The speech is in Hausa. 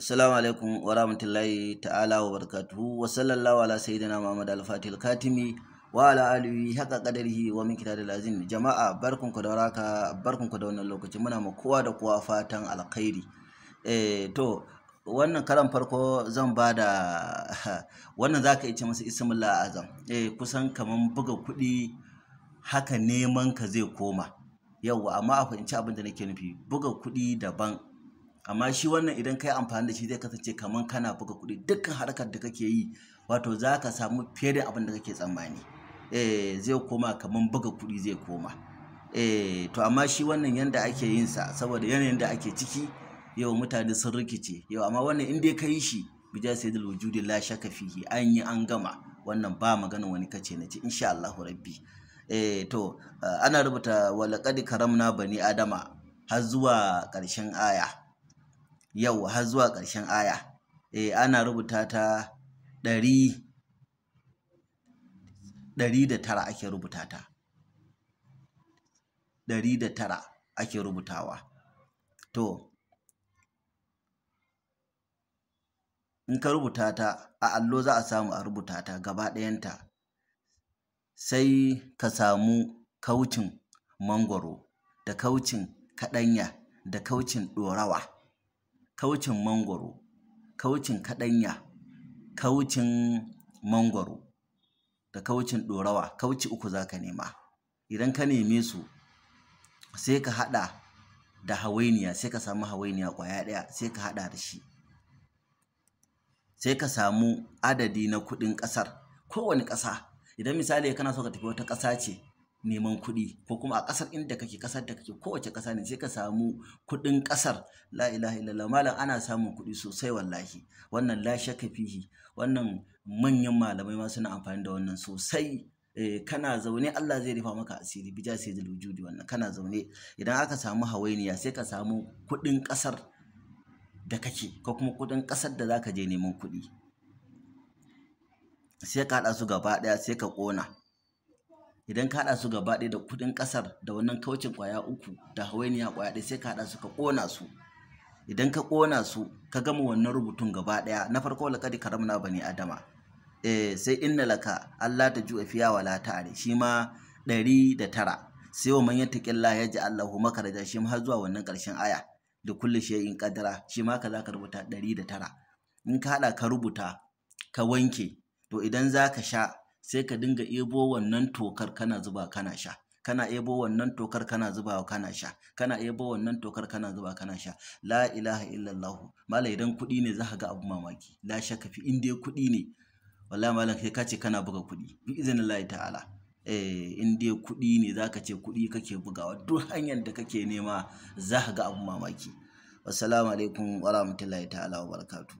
Assalamu alaikum wa rahmatullahi ta'ala wa barakatuhu wa sallallahu ala sayyidina Muhammad al-Fatih al-Katimi wa ala alihi haka qadarihi wa min kitab al-azim jama'a barkunku da waraka barkunku da wannan lokaci muna ma kowa da kowa fatan alkhairi eh to wannan karan farko zan ba wannan zaka yi ce masa ismul azam eh kusan kaman buga kuɗi haka neman ka zai koma yauwa amma a fahimci abin da nake nufi buga kuɗi daban amma shi wannan idan ka yi amfani da shi zai kasance kamar kana buga kuɗi dukkan harkar da kake yi wato za ka samu fiye da abin da kake tsammani eh zai koma kamar buga kuɗi zai koma eh to amma shi wannan yanda ake yin sa saboda yanayin da ake ciki yau mutane sun rikice yau amma wannan in dai ka yi shi bija sai da wujudi la shaka fihi an yi an gama wannan ba magana wani kace na ce insha Allah rabbi eh to ana rubuta walaqad karamna bani adama har zuwa ƙarshen aya yau har zuwa ƙarshen aya eh ana rubuta ta ɗari ɗari da tara ake rubuta ta ɗari da tara ake rubutawa to in ka rubuta ta a allo za a samu a rubuta ta gaba ɗayanta sai ka samu kaucin mangoro, da kaucin kaɗanya da kaucin ɗorawa kaucin mangoro, kaucin kaɗanya kaucin mangwaro da kaucin ɗorawa kauci uku za ka nema idan ka neme su sai ka haɗa da hawainiya sai ka samu hawainiya ƙwaya ɗaya sai ka haɗa da shi sai ka samu adadi na kuɗin ƙasar kowane ƙasa idan misali kana so ka tafi wata ƙasa ce neman kuɗi ko kuma a ƙasar inda kake ƙasar da kake kowace ƙasa ne sai ka samu kuɗin ƙasar la ilaha illallah malam ana samun kuɗi sosai wallahi wannan la shakka fihi wannan manyan malamai ma suna amfani da wannan sosai eh, kana zaune Allah zai rufa maka asiri bija sai da wujudi wannan kana zaune idan aka samu hawainiya sai ka samu kuɗin ƙasar da kake ko kuma kuɗin ƙasar da zaka je neman kuɗi sai ka haɗa su gaba ɗaya sai ka ƙona idan ka haɗa su gaba ɗaya da kuɗin ƙasar da wannan kaucin ƙwaya uku da hawainiya ƙwaya ɗaya sai ka haɗa su ka ƙona su idan ka ƙona su ka gama wannan rubutun gaba ɗaya na farko laƙadi karamna bani adama eh sai inna laka Allah ta ju'a fiya wa ta'ari shi ma ɗari da tara sai wa man ya ji Allahu makaraja shi har zuwa wannan ƙarshen aya da kulli in kadara shi ma ka za ka rubuta ɗari da tara in ka haɗa ka rubuta ka wanke to idan za ka sha sai ka dinga ebo wannan tokar kana zuba kana sha kana ebo wannan tokar kana zuba kana sha kana ebo wannan tokar kana zuba kana sha la ilaha illallah mallai idan kuɗi ne za ga abu mamaki la shakka fi in dai kuɗi ne wallahi malam kai ka ce kana buga kuɗi bi iznillahi ta'ala eh in dai kuɗi ne zaka ce kuɗi kake bugawa duk hanyar da kake nema za ga abu mamaki wassalamu alaikum rahmatullahi ta'ala barakatuh